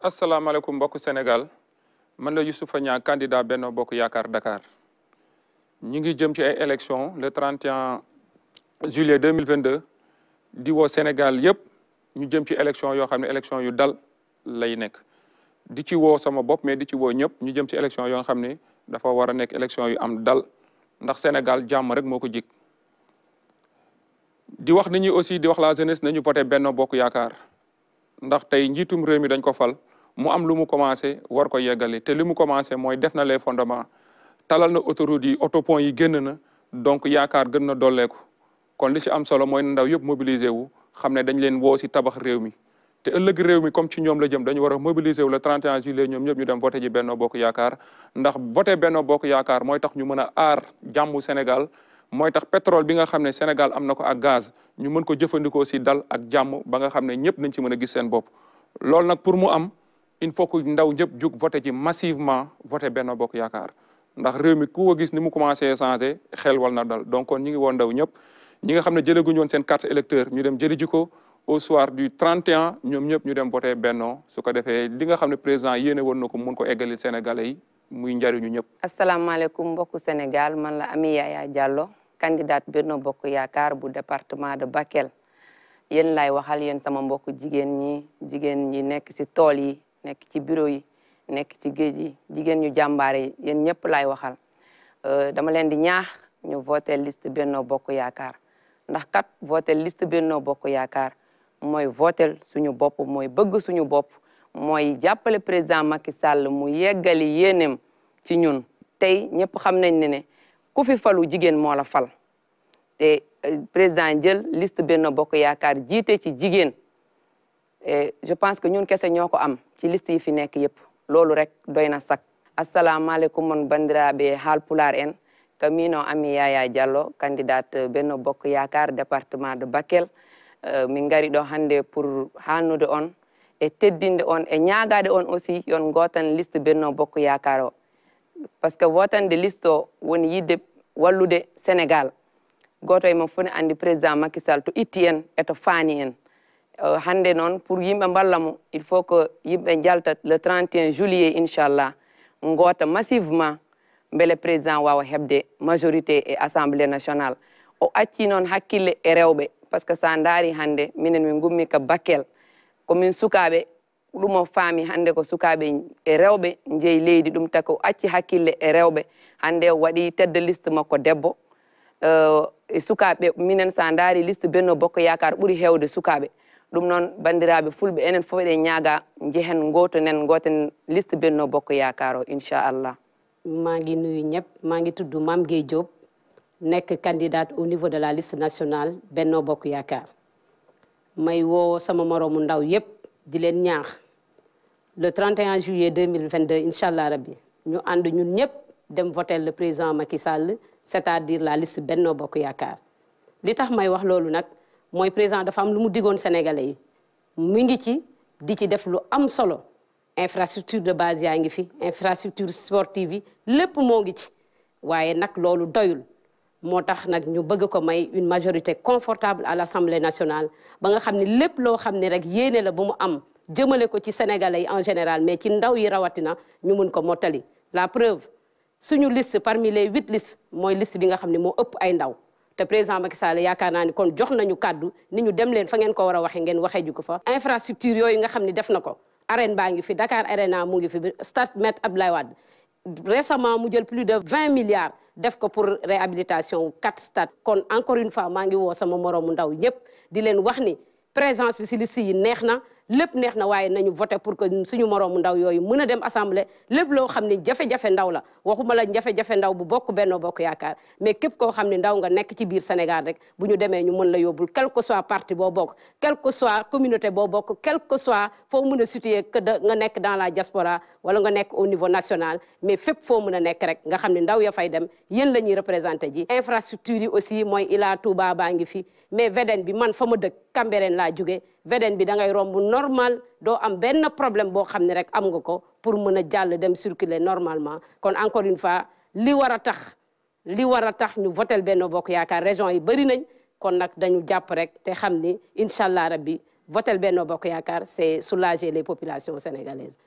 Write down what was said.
asalaamaaleykum mbokku Sénégal man la Youssoufa Niang candidat Benno Bokk Yaakaar dakaar ñu ngi jëm ci ay élections le 31 juillet 2022 di woo Sénégal yëpp ñu jëm ci élection yoo xam ne élection yu dal lay nekk di ci woo sama bopp mais di ci woo ñëpp ñu jëm ci élection yoo xam ne dafa war a nekk élection yu am dal ndax Sénégal jàmm rek moo ko jik di wax nit ñi aussi di wax la jeunesse nañu voté Benno Bokk Yaakaar ndax tey njiitum réew mi dañ ko fal mu am lu mu commencé war ko yeggali te li mu commencé mooy def na les fondements talal na autoroute yi autopont yi génn na donc yaakaar gën na dolleeku kon li ci am solo mooy ndaw yëpp mobiliser wu xam ne dañ leen woo si tabax réew mi te ëllëg réew mi comme ci ñoom la jëm dañu war a mobiliser wu le 31 juillet ñoom ñëpp ñu dem voté ji Benno Bokk Yaakaar ndax voté Benno Bokk Yaakaar mooy tax ñu mën a aar jàmmu Sénégal mooy tax pétrole bi nga xam ne Sénégal am na ko ak gaz ñu mën ko jëfandikoo si dal ak jàmm ba nga xam ne ñëpp nañ ci mën a gis seen bopp loolu nag pour mu am il faut que ndaw ñëpp jug voté ci massivement voté Benno Bokk Yaakaar ndax réew mi ku ko gis ni mu commencé changé xel wal na dal donc kon ñi ngi woon ndaw ñëpp ñi nga xam ne jëleguñu woon seen carte électeur ñu dem jëli ji ko au soir du 31 ñoom ñëpp ñu dem voté Benno su ko defee li nga xam ne président yéene woon na ko mun ko eggalil Sénégalais yi muy njariñu ñëpp. asalaamaaleykum mbokku Sénégal man la Ami Yaya Diallo candidate Benno Bokk Yaakaar bu département de Bakel yéen lay waxal yéen sama mbokku jigéen ñi jigéen ñi nekk si tool yi. nekk ci bureau yi nekk ci géej yi jigéen ñu jàmbaare yi yéen ñëpp laay waxal euh, dama leen di ñaax ñu voté list Benno Bokk Yaakaar ndax kat voté liste Benno Bokk Yaakaar mooy voté suñu bopp mooy bëgg suñu bopp mooy jàppale président Macky Sall mu yeggali yéenem ci ñun tey ñëpp xam nañ ne ne ku fi falu jigéen moo la fal te euh, président jël list Benno Bokk Yaakaar jiite ci jigéen e je pense que ñun kese ñoo ko am ci liste yi fi nekk yépp loolu rek doy na sag asalaamaaleykum man bandiraabe haalpular en kamino ami yaaya diallo candidate euh, benno bokk yaakaar département de bakel euh, min ngari ɗo hannde pour haannude on e teddinde on e ñaagaade on aussi yon gootan liste benno bokk yaakaar o par ce que wootande liste o woni yidde wallude sénégal gooto e mo fone anndi président makisal to itti en e to faani en Euh, hande noon pour yimɓe mballa mo il faut que yimɓe jalta le 31 juillet inchallah goota massivement beele président wawa heɓde majorité e assemblée nationale o acci noon hakkille e rewɓe par ce que sa daari hannde minen min gummi ka bakkel komin sukaɓe ɗum o faami hannde ko sukaɓe e rewɓe jeeyi leydi ɗum taki o acci hakkille e rewɓe hannde o waɗi tedde liste makko debbo euh, e sukaɓe minen sa daari liste benno bokko yakar ɓuuri hewde sukaɓe ɗum noon banndiraaɓe fulɓe enen fof eɗen ñaaga ngoote gootonen gooten list benno bokko yaakaar o allah maa ngi nuyu ñëpp maa ngi tudd Mame Gueye Diop nekk candidate au niveau de la liste nationale benno bokk yaakaar may woo sama moroomu ndaw yépp di leen ñaax le 31 juillet 2022 inchallah rabbi ñu ànd ñun ñëpp dem voter le président Macky Sall c'est-à-dire la liste benno bokk yaakaar li tax may wax loolu nag mooy président dafa am lu mu diggoon sénégalais yi mu ngi ci di ci def lu am solo infrastructure de base yaa ngi fi infrastructure sportive yi lépp moo ngi ci waaye nag loolu doyul moo tax nag ñu bëgg ko may une majorité confortable à l'Assemblée nationale ba nga xam ni lépp loo xam ne rek yéene la ba mu am jëmale ko ci sénégalais yi en général mais ci ndaw yi rawatina ñu mun ko mottali la preuve suñu liste parmi les huit listes mooy liste bi nga xam ne moo ëpp ay ndaw te président Macky Sall yaakaar naa ni kon jox nañu kaddu ni ñu dem leen fa ngeen ko war a waxee ngeen waxee ju ko fa infrastructure yooyu nga xam ne def na ko arène baa ngi fi Dakar Arena mu ngi fi stade Maître Abdoulaye Wade récemment mu jël plus de vingt milliards def ko pour réhabilitation quatre stades kon encore une fois maa ngi woo sama moroomu ndaw ñëpp di leen wax ni présence bi si yi neex na lépp neex na waaye nañu voté pour que suñu moroomu ndaw yooyu mën dem assemblée lépp loo xam ne jafe-jafe ndaw la waxumala la jafe-jafe ndaw bu bokk benn Bokk Yaakaar mais képp koo xam ne ndaw nga nekk ci biir Sénégal rek bu ñu demee ñu mën la yóbbul quel que soit parti boo bokk quel que soit communauté boo bokk quel que soit foo mën a nga nekk dans la jaspora wala nga nekk au niveau national mais fépp foo mën a nekk rek nga xam ne ndaw ya fay dem yéen la ñuy représenté ji infrastructure yi aussi mooy Ila Touba baa ngi fi mais VDN bi man fa ma dëkk Cambérène laa jóge VDN bi da ngay romb normal doo am benn problème boo xam ne rek am nga ko pour mën a jàll dem circuler normalement kon encore une fois li war a tax li war a tax ñu votel benn Bokk Yaakaar région yi bëri nañ kon nag dañu jàpp rek te xam ni incha allah rabbi votel benn Bokk Yaakaar c'est soulager les populations sénégalaises